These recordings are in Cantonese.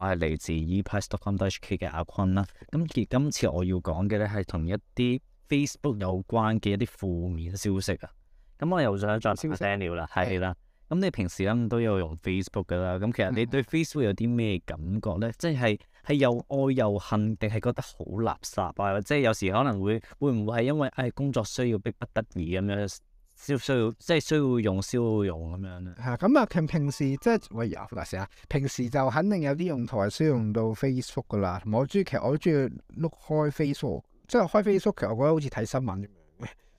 我係嚟自 eprice.com.hk 嘅阿坤啦，咁而今次我要講嘅咧，係同一啲 Facebook 有關嘅一啲負面消息啊，咁我又想再小聲料啦，係啦息，咁的你平時咧都有用 Facebook 噶啦，咁其實你對 Facebook 有啲咩感覺咧？即係係又愛又恨，定係覺得好垃圾啊？即係有時可能會會唔會係因為誒、哎、工作需要逼不得已咁樣？需要需要即係需要用，需要用咁樣咧。係咁啊，平平時即係喂，唔好話事啊。平時就肯定有啲用途，係需要用到 Facebook 噶啦。同埋我中意，其實我中意碌開 Facebook，即係開 Facebook，其實我覺得好似睇新聞咁，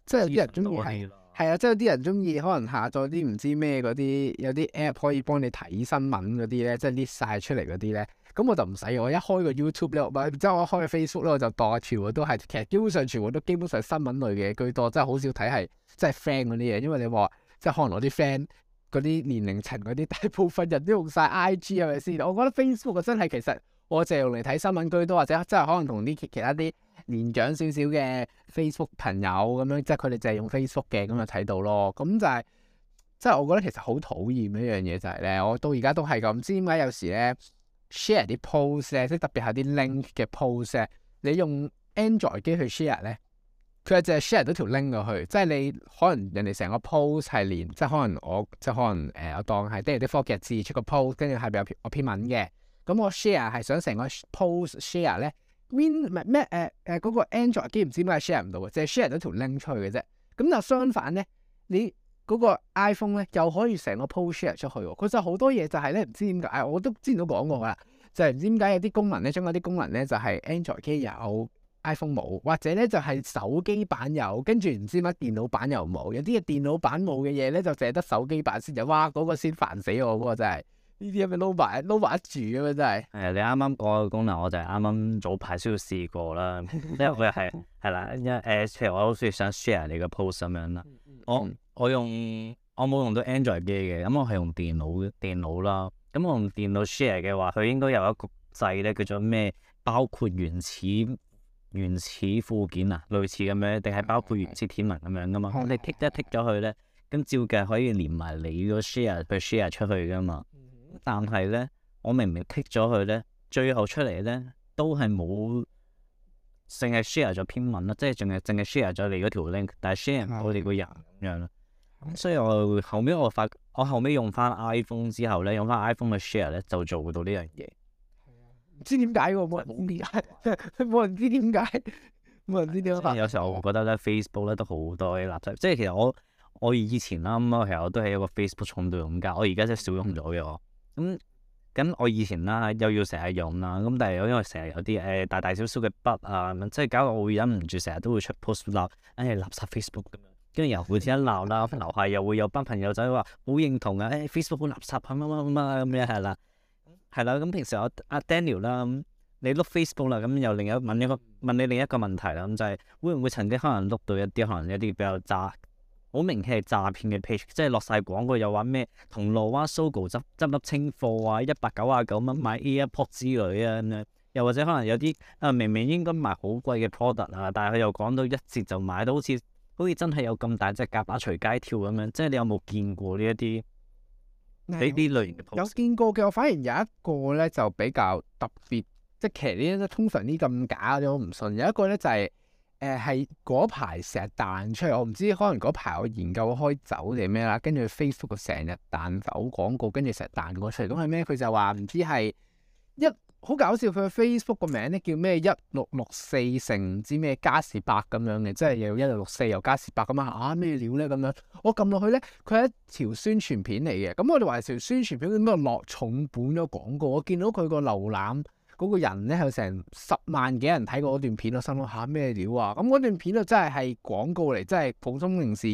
即係啲人中意係。係啊，即係有啲人中意可能下載啲唔知咩嗰啲，有啲 app 可以幫你睇新聞嗰啲咧，即係 list 晒出嚟嗰啲咧。咁我就唔使，我一開個 YouTube 咧，唔係即係我開個 Facebook 咧，我就當全部都係其實基本上全部都基本上新聞類嘅居多，即係好少睇係即係 friend 嗰啲嘢。因為你話即係可能我啲 friend 嗰啲年齡層嗰啲大部分人都用晒 IG 係咪先？我覺得 Facebook 真係其實我淨係用嚟睇新聞居多，或者即係可能同啲其他啲。年長少少嘅 Facebook 朋友咁樣，即係佢哋就係用 Facebook 嘅，咁就睇到咯。咁就係，即係我覺得其實好討厭一樣嘢就係咧，我到而家都係咁。唔知點解有時咧 share 啲 post 咧，即係特別係啲 link 嘅 post 你用 Android 機去 share 咧，佢就係 share 到條 link 落去。即係你可能人哋成個 post 係連，即係可能我即係可能誒，我當係 drop 啲科技字出個 post，跟住下邊有我篇文嘅。咁我 share 係想成個 post share 咧。Win 咩？誒誒嗰個 Android 機唔知點解 share 唔到啊，淨係 share 咗條 link 出去嘅啫。咁但相反咧，你嗰個 iPhone 咧又可以成個 post share 出去喎。佢就好多嘢就係咧，唔知點解。我都之前都講過噶啦，就係、是、唔知點解有啲功能咧，將嗰啲功能咧就係 Android 機有 iPhone 冇，或者咧就係手機版有，跟住唔知乜電腦版又冇。有啲嘢電腦版冇嘅嘢咧，就淨係得手機版先就哇，嗰、那個先煩死我喎，真係～呢啲係咪撈埋撈埋住咁樣真係？係你啱啱講嘅功能，我就係啱啱早排需要試過啦。因為佢係係啦，因為誒，譬如我好要想 share 你嘅 post 咁樣啦，我我用我冇用到 Android 機嘅，咁我係用電腦電腦啦。咁我用電腦 share 嘅話，佢應該有一個掣咧，叫做咩？包括原始原始附件啊，類似咁樣，定係包括原始貼文咁樣噶嘛？我哋 tick 一 tick 咗佢咧，咁照計可以連埋你嗰 share share 出去噶嘛？但係咧，我明明剔咗佢咧，最後出嚟咧都係冇，淨係 share 咗篇文啦，即係淨係淨係 share 咗你嗰條 link，但係 share 唔到你個人咁的樣咯。咁所以我後尾我發，我後尾用翻 iPhone 之後咧，用翻 iPhone 嘅 share 咧就做到呢樣嘢。唔知點解喎，冇人知點解，冇 人知點解，冇人知點解。有陣時我會覺得咧 Facebook 咧都好多啲垃圾，即係其實我我以前啦，咁我其實我都係一個 Facebook 重度用家，我而家真係少用咗嘅我。咁咁、嗯、我以前啦又要成日用啦，咁但係因為成日有啲誒、欸、大大小小嘅筆啊，即係搞到我會忍唔住成日都會出 post 立，誒、哎、垃圾 Facebook 咁樣，跟住又每次一鬧啦，樓下又會有班朋友仔話好認同啊，誒、哎、Facebook 好垃圾啊乜乜乜乜咁樣係啦，係啦，咁、嗯嗯嗯、平時我阿、啊、Daniel 啦，嗯、你碌 Facebook 啦，咁、嗯嗯嗯嗯嗯、又另外問一個問你另一個問題啦，咁就係會唔會曾經可能碌到一啲可能一啲比較渣？好明顯係詐騙嘅 page，即係落晒廣告又話咩銅鑼灣 Sogo 執執笠清貨啊，一百九啊九蚊買 AirPods 之類啊咁樣，又或者可能有啲啊、呃、明明應該賣好貴嘅 product 啊，但係佢又講到一折就買，到好似好似真係有咁大隻蛤乸隨街跳咁樣，即係你有冇見過呢一啲呢啲類型嘅 post？有見過嘅是，我反而有一個咧就比較特別，即係其實呢啲通常啲咁假嘅我唔信，有一個咧就係、是。誒係嗰排成日彈出嚟，我唔知可能嗰排我研究開走定咩啦，跟住 Facebook 成日彈走廣告，跟住成日彈過出嚟。咁係咩？佢就話唔知係一好搞笑，佢 Facebook 個名咧叫咩一六六四成唔知咩加士伯咁樣嘅，即係又一六六四又加士伯咁樣啊！咩料咧咁樣？我撳落去咧，佢係一條宣傳片嚟嘅。咁我哋話條宣傳片點解落重本咗廣告？我見到佢個瀏覽。嗰個人咧有成十萬幾人睇過嗰段片咯，我心諗下咩料啊？咁嗰、啊、段片咧真係係廣告嚟，真係普通電視誒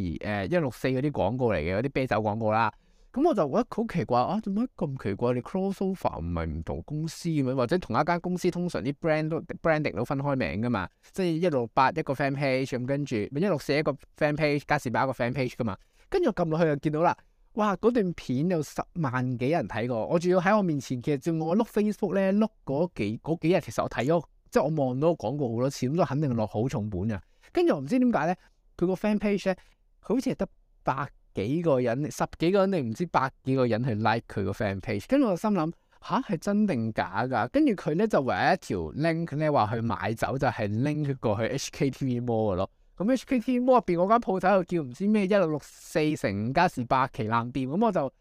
一六四嗰啲廣告嚟嘅嗰啲啤酒廣告啦。咁我就覺得好奇怪啊，做乜咁奇怪？你 Crossover 唔係唔同公司咁樣，或者同一間公司通常啲 brand 都 branding 都分開名噶嘛？即係一六八一個 fan page 咁，跟住一六四一個 fan page，加士伯一個 fan page 噶嘛？跟住我撳落去就見到啦。哇！嗰段片有十萬幾人睇過，我仲要喺我面前，其實仲我碌 Facebook 咧碌嗰幾日，幾其實我睇咗，即係我望到廣告好多次，咁都肯定落好重本嘅。跟住我唔知點解咧，佢個 fan page 咧，佢好似係得百幾個人、十幾個人定唔知百幾個人去 like 佢個 fan page。跟住我心諗吓係真定假㗎？跟住佢咧就唯一一條 link 咧話去買走，就係、係、link 佢過去 HKTV Mall 咯。咁 H.K.T.M. 入邊嗰間鋪頭又叫唔知咩一六六四乘加士伯旗艦店，咁我就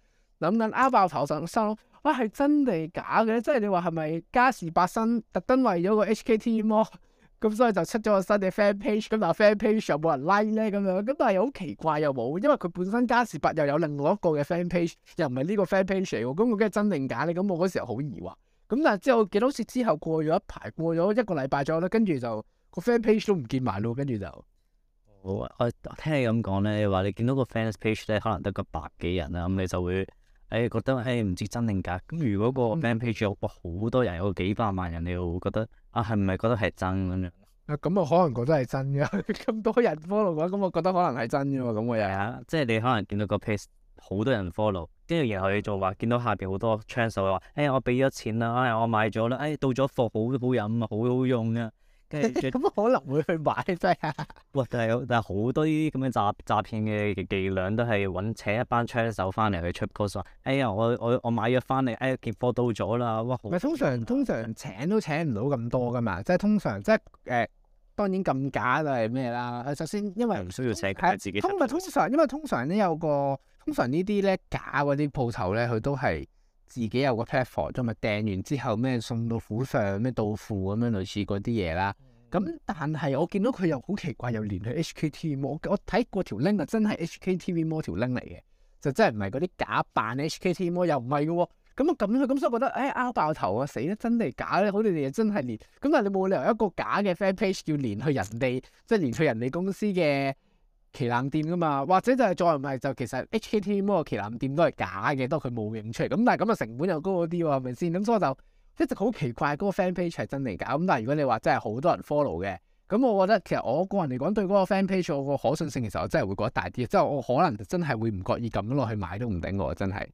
諗緊啱爆頭神心，啊係真定假嘅？即係你話係咪加士伯新特登為咗個 H.K.T.M. 咁，所以就出咗個新嘅 fan page？咁但係 fan page 又冇人 like 咧，咁樣咁但係又好奇怪又冇，因為佢本身加士伯又有另外一個嘅 fan page，又唔係呢個 fan page 嚟喎。咁我梗係真定假咧？咁我嗰時候好疑惑。咁但係之後見到似之後過咗一排，過咗一個禮拜左右，跟住就個 fan page 都唔見埋咯，跟住就。好啊，我聽你咁講咧，你話你見到個 fans page 咧，可能得個百幾人啊。咁你就會誒、哎、覺得誒唔、哎、知真定假。咁如果個 fan page 有好多人，嗯、人有幾百萬人，你會唔會覺得啊係唔係覺得係真咁樣？啊，咁我可能覺得係、啊、真嘅，咁多人 follow 嘅話，咁我覺得可能係真嘅喎。咁我又係啊，即係你可能見到個 page 好多人 follow，跟住然後你仲話見到下邊好多 channel 嘅話，誒、哎、我俾咗錢啦，誒、哎、我買咗啦，誒、哎、到咗貨好好飲啊，好好用啊。咁可能會去、哎、買真啊、哎？哇！但係但係好多呢啲咁嘅詐詐騙嘅伎倆，都係揾請一班槍手翻嚟去出 post。哎呀，我我我買咗翻嚟，哎，件貨到咗啦！哇，唔係通常通常請都請唔到咁多㗎嘛。即係通常即係誒、呃，當然咁假就係咩啦？首先因為唔需要寫，佢自己。咁啊，通，通常因為通常，通常呢，有個通常呢啲咧假嗰啲鋪頭咧，佢都係。自己有個 platform，咁咪訂完之後咩送到府上咩到付咁樣類似嗰啲嘢啦。咁 但係我見到佢又好奇怪，又連去 HKTV 摩，我睇過條 link 啊，真係 HKTV 摩條 link 嚟嘅，就真係唔係嗰啲假扮 HKTV 摩又唔係嘅喎。咁我撳佢，咁所以覺得誒拗、欸、爆頭啊！死啦，真係假咧，好似連真係連。咁但係你冇理由一個假嘅 fan page 要連去人哋，即、就、係、是、連去人哋公司嘅。旗艦店噶嘛，或者就係再唔係就其實 HKT 嗰個旗艦店都係假嘅，都當佢冒認出嚟咁，但係咁啊成本又高啲喎，明先？咁所以就一直好奇怪嗰個 fan page 係真定假咁。但係如果你話真係好多人 follow 嘅，咁我覺得其實我個人嚟講對嗰個 fan page 我個可信性其實我真係會覺得大啲，即係我可能真係會唔覺意撳落去買都唔定喎，真係。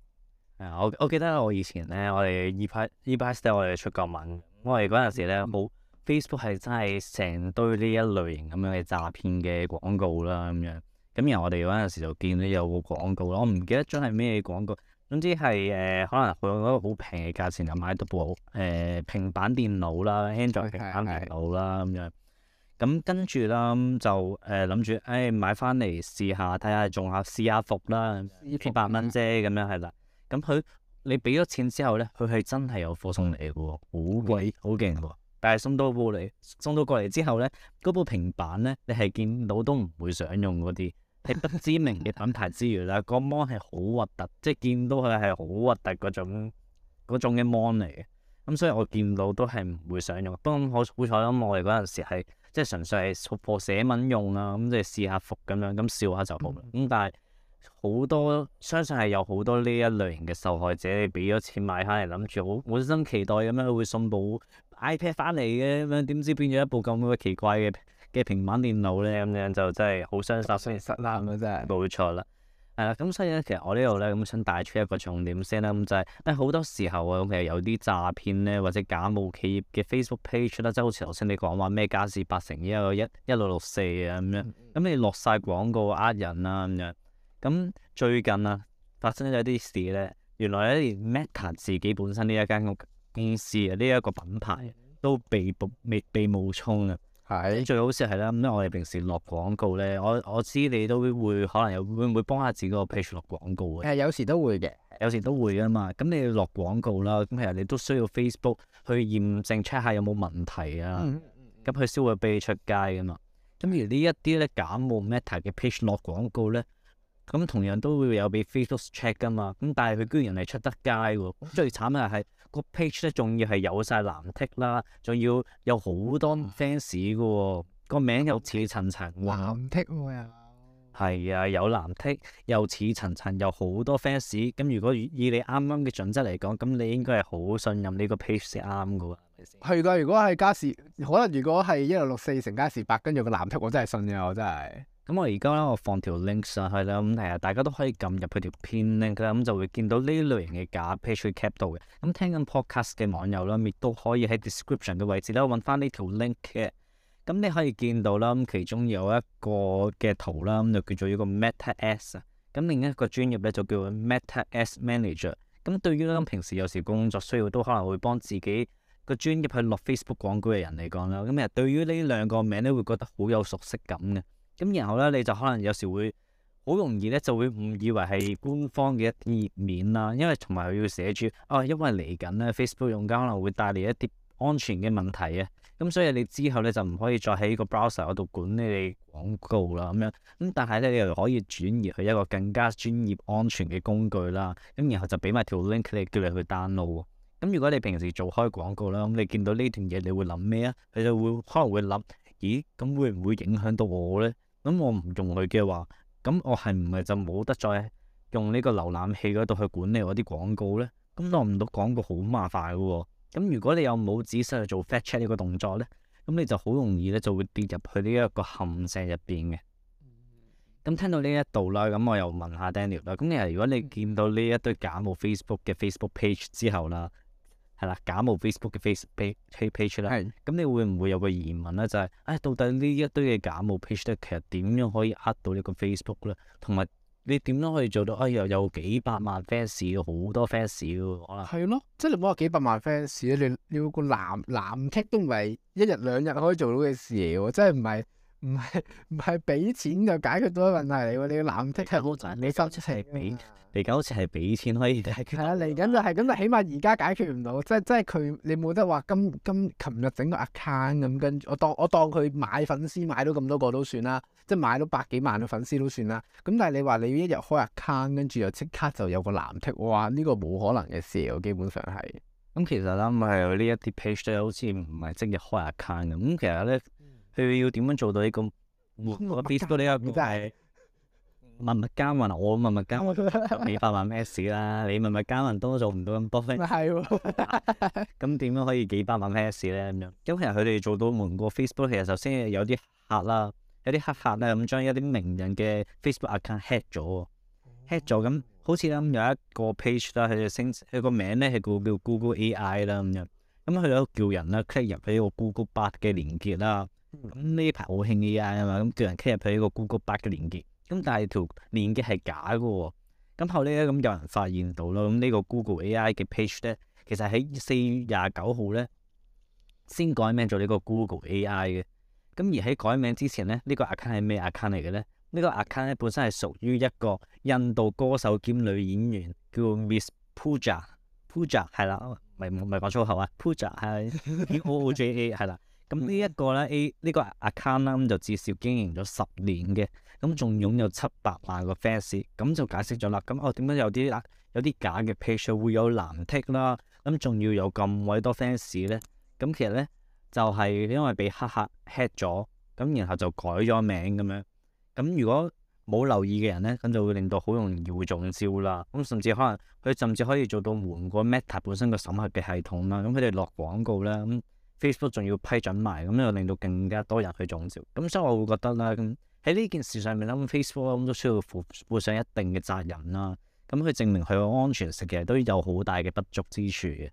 係我我記得我以前咧，我哋 E 派 E 派 Star 我哋出過文，我哋嗰陣時咧冇。Facebook 係真係成堆呢一類型咁樣嘅詐騙嘅廣告啦，咁樣。咁由我哋嗰陣時就見到有個廣告啦，我唔記得真係咩廣告。總之係誒，可能用嗰個好平嘅價錢就買到部誒、呃、平板電腦啦，Android Okay 平板電腦啦咁樣。咁跟住啦，就誒諗住誒買翻嚟試下，睇下仲下試下服啦，這服幾百蚊啫咁樣係啦。咁佢你俾咗錢之後咧，佢係真係有貨送嚟嘅喎，好貴好勁喎！嗯嗯嗯嗯嗯嗯嗯嗯但係送到過嚟，送到過嚟之後咧，嗰部平板咧，你係見到都唔會想用嗰啲，係不知名嘅品牌之餘啦， 個芒係好核突，即係見到佢係好核突嗰種嗰種嘅芒嚟嘅。咁、嗯、所以我見到都係唔會想用。不過好好彩咁，我哋嗰陣時係即係純粹係復課寫文用啊，咁、嗯、即係、試下服咁樣，咁笑下就好啦。咁、嗯嗯嗯、但係好多相信係有好多呢一類型嘅受害者，你俾咗錢買翻嚟，諗住好滿心期待咁樣會送到。iPad 翻嚟嘅咁樣，點知變咗一部咁嘅奇怪嘅嘅平板電腦咧？咁樣就真係好傷心，失難啊！真係冇錯啦，係啦，咁所以咧，其實我呢度咧咁想帶出一個重點先啦，咁、嗯、就係、是，誒、嗯、好多時候啊，咁其實有啲詐騙咧，或者假冒企業嘅 Facebook page 啦、啊，即、就、係、是、好似頭先你講話咩假使八成之後一一六六四啊咁樣，咁、嗯嗯嗯、你落晒廣告呃人啦、啊。咁、啊、樣，咁、嗯嗯、最近啊發生咗一啲事咧，原來咧 Meta 自己本身呢一間公司啊，呢一個品牌。都被冒未被冒充嘅係咁最好似係啦，咁我哋平時落廣告咧，我我知你都會可能又會唔會幫下自己個 page 落廣告啊？係有時都會嘅，有時都會啊嘛。咁你落廣告啦，咁其實你都需要 Facebook 去驗證 check 下有冇問題啊。咁佢先會俾你出街噶嘛。咁而呢一啲咧假冒 Meta 嘅 page 落廣告咧。咁同樣都會有俾 Facebook check 噶嘛，咁但係佢居然係出得街喎，哦、最慘嘅係個 page 咧，仲要係有晒藍剔啦，仲要有好多 fans 噶喎、哦，個名又似層層藍剔喎又，係啊，有藍剔，又似層層，又好多 fans，咁如果以你啱啱嘅準則嚟講，咁你應該係好信任呢個 page 先啱噶喎，係㗎，如果係加士，可能如果係一六六四乘加士八，跟住個藍剔，我真係信嘅，我真係。咁、嗯、我而家咧，我放條 link 上去啦。咁其實大家都可以撳入去條片 link 啦，咁、嗯、就會見到呢類型嘅假 page cap 度嘅。咁、嗯、聽緊 podcast 嘅網友啦，亦、嗯、都可以喺 description 嘅位置咧揾翻呢條 link 嘅。咁、嗯嗯、你可以見到啦，咁、嗯、其中有一個嘅圖啦，咁、嗯、就叫做一個 Meta Ads。咁、嗯、另一個專業咧就叫做 Meta Ads Manager。咁 man、嗯、對於咧，平時有時工作需要都可能會幫自己個專業去落 Facebook 廣告嘅人嚟講啦，咁其實對於呢兩個名咧，會覺得好有熟悉感嘅。咁然後咧，你就可能有時會好容易咧，就會誤以為係官方嘅一啲頁面啦。因為同埋佢要寫住哦，因為嚟緊咧，Facebook 用家可能會帶嚟一啲安全嘅問題啊。咁所以你之後咧就唔可以再喺個 browser 嗰度管理你廣告啦咁樣。咁但係咧，你又可以轉移去一個更加專業安全嘅工具啦。咁然後就俾埋條 link 你，叫你去 download。咁如果你平時做開廣告啦，咁你見到呢段嘢，你會諗咩啊？你就會可能會諗，咦，咁會唔會影響到我咧？咁我唔用佢嘅話，咁我係唔係就冇得再用呢個瀏覽器嗰度去管理我啲廣告呢？咁落唔到廣告好麻煩嘅喎、哦。咁如果你又冇仔細去做 fact check 呢個動作呢，咁你就好容易咧就會跌入去呢一個陷阱入邊嘅。咁聽到呢一度啦，咁我又問下 Daniel 啦。咁你係如果你見到呢一堆假冒 Facebook 嘅 Facebook page 之後啦。係啦，假冒 Facebook 嘅 Facebook page 咧的，咁你會唔會有個疑問咧？就係、是，唉、哎，到底呢一堆嘅假冒 page 咧，其實點樣可以呃到個呢個 Facebook 咧？同埋你點樣可以做到？唉、哎，又有幾百萬 fans，好多 fans 嘅可能。係咯，即係你唔好話幾百萬 fans 咧，你你個藍藍剔都唔係一日兩日可以做到嘅事嚟喎，真係唔係。唔係唔係俾錢就解決到問題嚟喎？你要藍剔係好賺，你收出係俾，你講好似係俾錢可以解決。係啊，嚟緊就係、是、咁，但起碼而家解決唔到，即係即係佢你冇得話今今琴日整個 account 咁、嗯、跟住，我當我當佢買粉絲買到咁多個都算啦，即係買到百幾萬嘅粉絲都算啦。咁但係你話你要一日開 account 跟住又即刻就有個藍剔，哇！呢、這個冇可能嘅事啊，基本上係。咁、嗯、其實啦，唔係呢一啲 page 都好似唔係即日開 account 咁、嗯、其實咧。佢哋要點樣做到呢個門個 Facebook 呢個股就係物物加盟，我物物加盟，幾百萬咩事啦？你物物加盟都做唔到咁多，咁點樣可以幾百萬咩事咧？咁樣，咁其實佢哋做到門個 Facebook，其實首先係有啲客啦，有啲黑客咧咁將一啲名人嘅 Facebook account hack 咗，hack 咗咁，好似咁有一個 page 啦，佢就升佢個名咧係叫 Google AI 啦咁樣，咁佢喺度叫人咧 click 入呢個 GoogleBard 嘅連結啦。咁呢排好興 A.I. 啊嘛，咁叫人 k 入去一個 Google Back 嘅鏈接，咁但係條鏈接係假嘅、哦。咁後屘咧，咁有人發現到啦，咁、這個、呢個 Google A.I. 嘅 page 咧，其實喺四月廿九號咧先改名做呢個 Google A.I. 嘅。咁而喺改名之前咧，這個、呢、這個 account 係咩 account 嚟嘅咧？呢個 account 咧本身係屬於一個印度歌手兼女演員，叫 Miss Pooja、ja。Pooja 係啦，唔係唔係講粗口啊？Pooja 係 O O J A 係啦。 咁、嗯、呢一個咧，A 呢個 account 啦、嗯，咁就至少經營咗十年嘅，咁仲擁有七百萬個 fans，咁、嗯、就解釋咗啦。咁、嗯、哦，點解有啲有啲假嘅 page 會有藍剔啦？咁、嗯、仲要有咁鬼多 fans 咧？咁、嗯、其實咧就係、是、因為俾黑客 hack 咗，咁然後就改咗名咁樣。咁、嗯、如果冇留意嘅人咧，咁就會令到好容易會中招啦。咁、嗯、甚至可能佢甚至可以做到換個 meta 本身嘅審核嘅系統啦。咁佢哋落廣告咧咁。嗯 Facebook 仲要批准埋，咁又令到更加多人去中招，咁所以我會覺得啦，咁喺呢件事上面咧，Facebook 咁都需要負負上一定嘅責任啦，咁佢證明佢嘅安全性其實都有好大嘅不足之處嘅。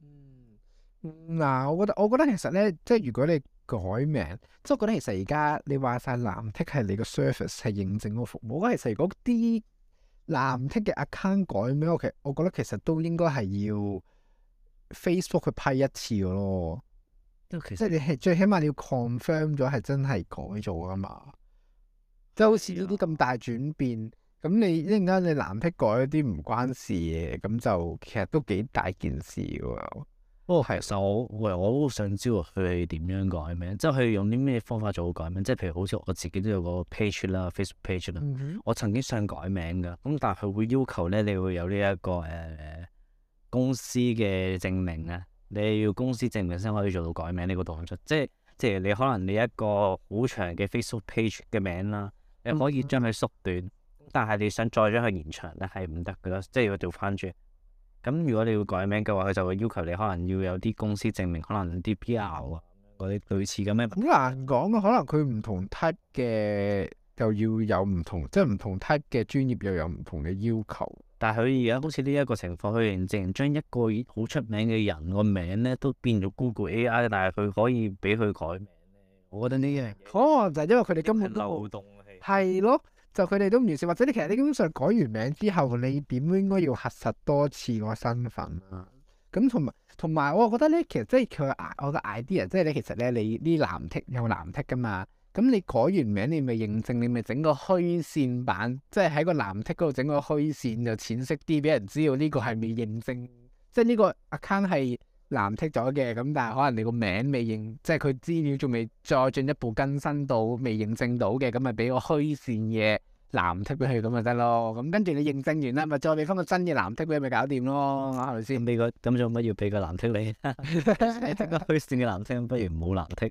嗯，嗱，我覺得，我覺得其實咧，即係如果你改名，即係我覺得其實而家你話晒藍剔係你個 service 係認證個服務，咁其實嗰啲藍剔嘅 account 改名，我其我覺得其實都應該係要。Facebook 佢批一次咯，其實即係你係最起碼你要 confirm 咗係真係改咗噶嘛。即係的好似呢啲咁大轉變，咁的你一陣間你藍剔改一啲唔關事嘅，咁就其實都幾大件事噶喎。哦，係的，其實我喂我都想知道佢係點樣改名，即係佢用啲咩方法做好改名？即係譬如好似我自己都有個 page 啦，Facebook page 啦，嗯、哼我曾經想改名噶，咁但係佢會要求咧，你會有呢、這、一個誒。呃呃公司嘅證明啊，你要公司證明先可以做到改名呢個動作，即係即係你可能你一個好長嘅 Facebook page 嘅名啦，你可以將佢縮短，但係你想再將佢延長咧，係唔得嘅咯，即係要調翻轉。咁如果你要改名嘅話，佢就會要求你可能要有啲公司證明，可能啲 BR 啊嗰啲類似咁樣。好難講啊，可能佢唔同 tag 嘅。就要有唔同，即係唔同 type 嘅專業又有唔同嘅要求。但係佢而家好似呢一個情況，佢哋淨係將一個好出名嘅人個名咧，都變咗 Google AI，但係佢可以俾佢改名咧。我覺得呢樣嘢，可能，哦，就係因為佢哋根本漏洞係咯，就佢哋都唔完善，或者你其實你基本上改完名之後，你點應該要核實多次個身份啊？咁同埋同埋，我覺得咧，其實即係佢我，個 idea，即係咧，其實咧，你啲藍 tick 有藍 tick 㗎嘛。咁、嗯、你改完名，你咪認證，你咪整個虛線版，即係喺個藍剔嗰度整個虛線，就淺色啲，俾人知道呢個係未認證，即係呢個 account 係藍剔咗嘅。咁但係可能你個名未認，即係佢資料仲未再進一步更新到，未認證到嘅，咁咪俾個虛線嘅藍剔佢，咁咪得咯。咁跟住你認證完啦，咪再俾翻個真嘅藍剔佢，咪搞掂咯，係咪先？你個咁做乜要俾個藍剔你？你得個虛線嘅藍剔，不如唔好藍剔。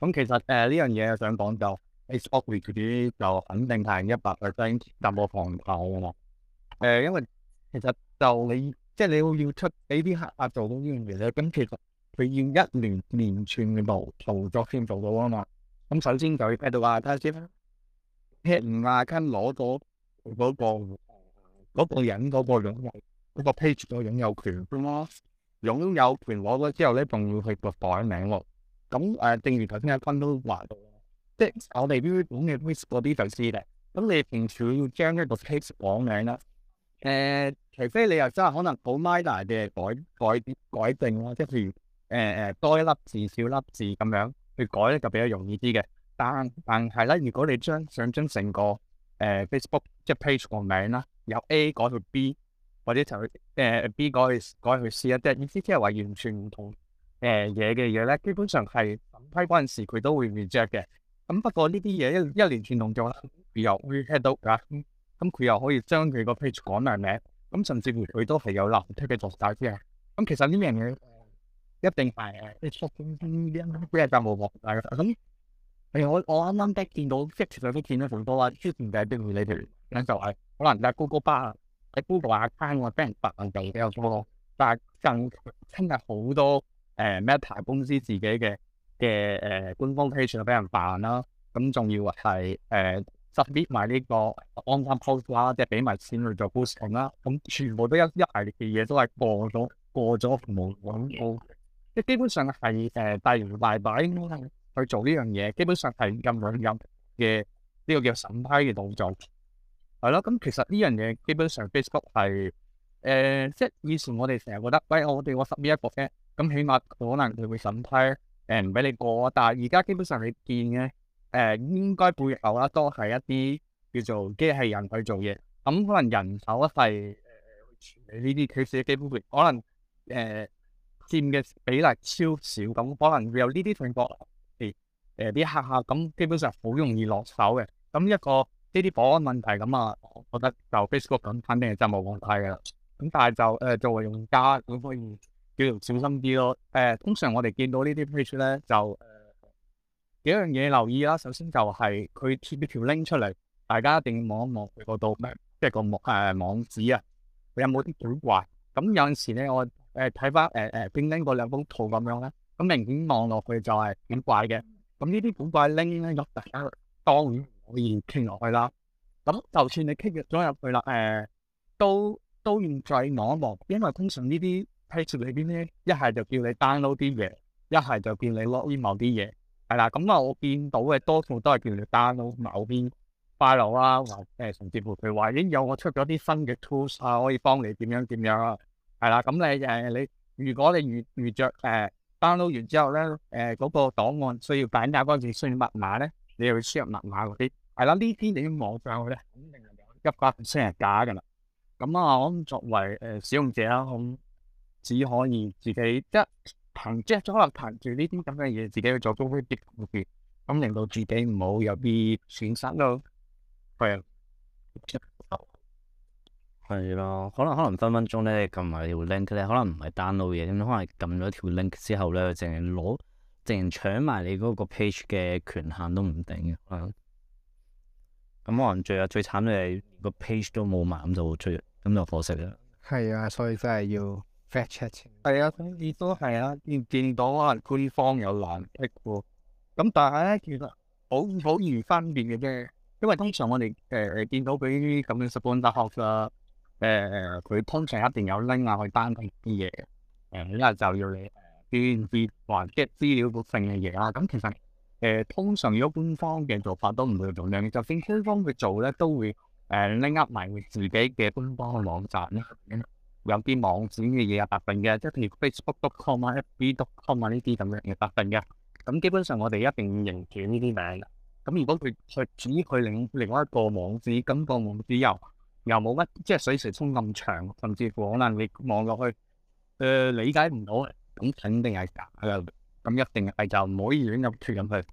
咁、嗯、其實誒呢、呃、樣嘢我想講就，Facebook 嗰啲就肯定係一百 percent 冇防範噶啦。誒、呃，因為其實就你即係、就是、你要要出俾啲黑客做到呢樣嘢咧，咁其實佢要一連連串嘅動作先做到啊嘛。咁、嗯、首先就喺度話睇下先，劈唔廿斤攞咗嗰個人嗰、那個擁有嗰個 page 嘅擁有權啊嘛，擁有權攞咗之後咧，仲要佢改名喎。咁誒、嗯啊，正如頭先阿坤都話到，即係我哋 B B 咁嘅 w h i s b o o 啲就知咧，咁 你平時要將一個 page 改名啦。誒、呃，除非你又真係可能好 minor 嘅改改改定咯，即係譬如誒誒多一粒字，少粒字咁樣去改呢，呢就比較容易啲嘅。但但係咧，如果你將想將成個誒、呃、Facebook 即係 page 個名啦，由 A 改去 B 或者就誒、呃、B 改去改去 C，即係意思即係話完全唔同。誒嘢嘅嘢咧，基本上係審批嗰陣時佢都會 reject 嘅。咁不過呢啲嘢一一連串動作啦，又會睇到噶。咁佢又可以將佢個 page 改埋名，咁甚至乎佢都係有藍剔嘅作手。之案。咁其實呢樣嘢一定係誒出邊邊係冇落晒嘅。咁誒我我啱啱即係見到即係上邊見到好多啦，之前就係邊條呢條咧就係可能阿 Google 巴喺 Google account 話俾人扮地比較多，但係真係好多。誒 Meta、欸、公司自己嘅嘅誒官方 page 俾人辦啦，啊，咁仲要係誒 submit 埋呢個官方 post 啦，即係俾埋錢去做 posting 啦，咁全部都一一系列嘅嘢都係過咗過咗服務即基本上係誒大搖大擺去做呢樣嘢，基本上係咁兩日嘅呢個叫審批嘅動作，係咯，咁其實呢樣嘢基本上 Facebook 係誒，即係以前我哋成日覺得，喂我哋我 submit 一個 fan 咁起碼可能佢會審批，誒唔俾你過。但係而家基本上你見咧，誒應該背後咧都係一啲叫做機器人去做嘢。咁可能人手咧係誒呢啲缺失嘅機會，可能誒佔嘅比例超少。咁可能會有呢啲情況，誒誒啲黑客咁，基本上好容易落手嘅。咁一個呢啲保安問題咁啊，我覺得就 Facebook 咁肯定係真冇問題嘅喇。咁但係就誒作為用家咁可以，要小心啲咯、哦。誒、呃，通常我哋見到呢啲 page 咧，就誒、呃、幾樣嘢留意啦。首先就係佢貼呢條 link 出嚟，大家一定要望一望佢嗰度咩，即係、嗯這個網誒、呃、網址啊，佢有冇啲古怪？咁有陣時咧，我誒睇翻誒誒邊拎嗰兩幅圖咁樣咧，咁明顯望落去就係古怪嘅。咁呢啲古怪 link 咧，咁大家當然可以傾落去啦。咁就算你傾咗入去啦，誒、呃、都都要再望一望，因為通常呢啲。page 裏邊呢，一係就叫你 download 啲嘢，一係就叫你 log in 某啲嘢，係啦。咁啊，我見到嘅多數都係叫你 download 某啲 file 啦、啊。誒，甚至乎佢話已經有我出咗啲新嘅 tools 啊，可以幫你點樣點樣啊，係啦、啊。咁你誒、呃、你如果你遇遇著誒 download 完之後咧，誒、呃、嗰、那個檔案需要解壓嗰陣需要密碼咧，你又要輸入密碼嗰啲，係啦，呢啲你網上去咧，肯定係有一百 percent 係假㗎啦。咁啊，我作為誒使用者啊，我。只可以自己即係憑，即係可能憑住呢啲咁嘅嘢，這這自己去做風險跌伏跌，咁令到自己唔好有啲損失咯。係啊，係咯，可能可能分分鐘咧撳埋條 link 咧，可能唔係 download 嘢，咁可能撳咗條 link 之後咧，淨係攞淨係搶埋你嗰個 page 嘅權限都唔定嘅。咁可能最啊最慘就係個 page 都冇埋，咁就出咁就可惜啦。係啊，所以真係要。係啊，所以都係啊，見見到可官方有藍剔嘅，咁但係咧，其實好好易分辨嘅啫，因為通常我哋誒誒見到俾咁嘅 supportive 嘅，誒誒佢通常一定有拎 link 啊去單定啲嘢，係、呃、啦，就要你誒辨別或者資料性嘅嘢啊，咁其實誒、呃、通常如果官方嘅做法都唔會咁樣，就算官方去做咧都會誒拎握埋自己嘅官方網站咧。嗯有啲網址嘅嘢有白份嘅，即係譬如 facebook.com 啊、fb.com 呢啲咁樣嘅白份嘅。咁基本上我哋一定認住呢啲名字。咁如果佢佢指佢另外一個網址，咁、這個網址又又冇乜，即係水喉通咁長，甚至乎可能你望落去，誒、呃、理解唔到嘅，咁肯定係假嘅。咁一定係就唔可以亂入貼入去。